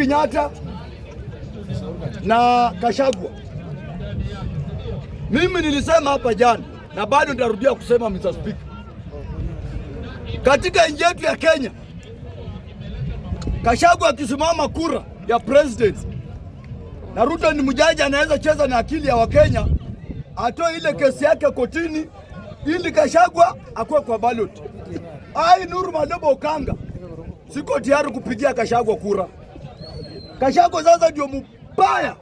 Kenyatta na Kashagwa. Mimi nilisema hapa jana na bado nitarudia kusema Mr. Speaker, katika nchi yetu ya Kenya, Kashagwa akisimama kura ya president na Ruto ni mjaji anaweza cheza na akili ya Wakenya, atoe ile kesi yake kotini ili Kashagwa akuwe kwa ballot. Ai, Nuru Madobo Okanga, siko tayari kupigia Kashagwa kura. Kashako sasa ndio mbaya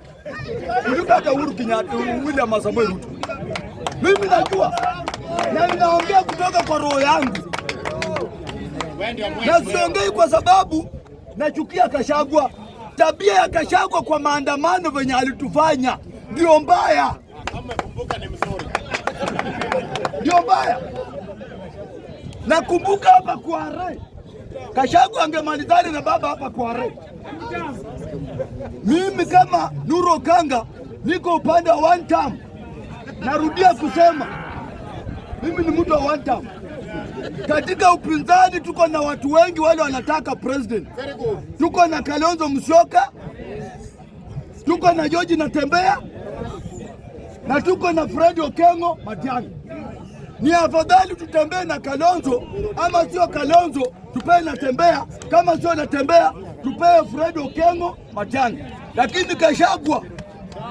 kuliko hata Uhuru Kenyatta, William Samoei Ruto. Mimi najua na ninaongea kutoka kwa roho yangu, na siongei kwa sababu nachukia Kashagwa. Tabia ya Kashagwa kwa maandamano venye alitufanya ndio mbaya, ndio mbaya. Nakumbuka hapa kwa rai Kashagu angemalizani na baba hapa kware. Mimi kama Nuro Kanga niko upande wa one term. Narudia kusema mimi ni mtu wa one term. Katika upinzani tuko na watu wengi wale wanataka president. Tuko na Kalonzo Musyoka, tuko na George Natembea na tuko na Fred Okengo Matiang'i ni afadhali tutembee na Kalonzo ama sio Kalonzo tupee Natembea, kama sio Natembea tupee Fred Okengo Matiang'i. Lakini Gachagua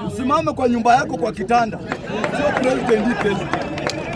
usimame kwa nyumba yako kwa kitanda, sio president